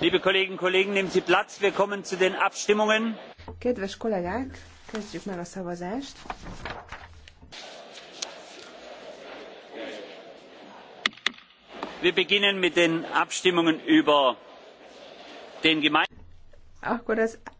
Liebe Kolleginnen und Kollegen, nehmen Sie Platz, wir kommen zu den Abstimmungen. Kedves kollégák, kezdjük meg a szavazást. Wir beginnen mit den Abstimmungen über den Gemeinden. Akkor az